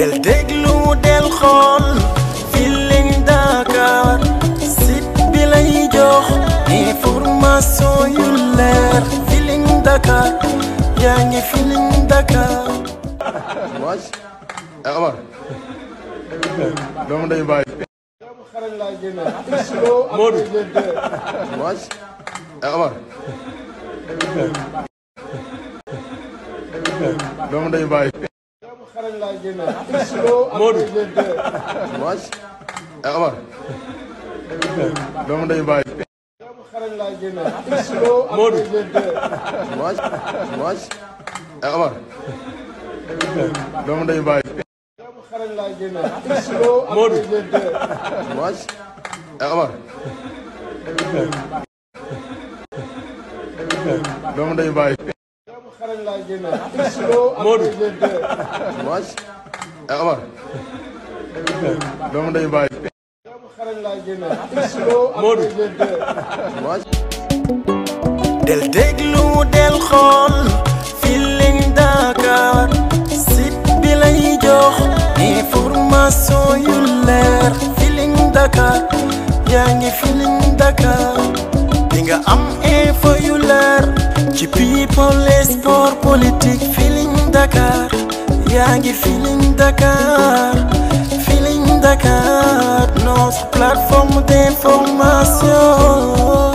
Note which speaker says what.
Speaker 1: del déglu del xool Feeling Dakar site bi lay jox information yu leer Feeling Dakar yaa ngi Feeling Dakar. waay
Speaker 2: eh Omar. doomu ndeyu baay.
Speaker 3: Modou. waay eh Omar. doomu ndeyu baay.
Speaker 2: Modou.
Speaker 3: waaj. eh Omar. doomu ndeyu bàyyi. Modou. waaj. waaj.
Speaker 2: eh Omar. doomu ndeyu bàyyi. Modou. waaj. eh Omar. doomu ndeyu bàyyi.
Speaker 4: Modou. waaw
Speaker 2: eh, Omar. doomu ndeyu baay.
Speaker 1: Modou. del déglu del xool Feeling Dakar site bi lay jox information yu leer Feeling Dakar yaa ngi Feeling Dakar. people et sport politique Feeling Dakar yaa ngi Feeling Dakar Feeling Dakar notre plateforme
Speaker 2: d'information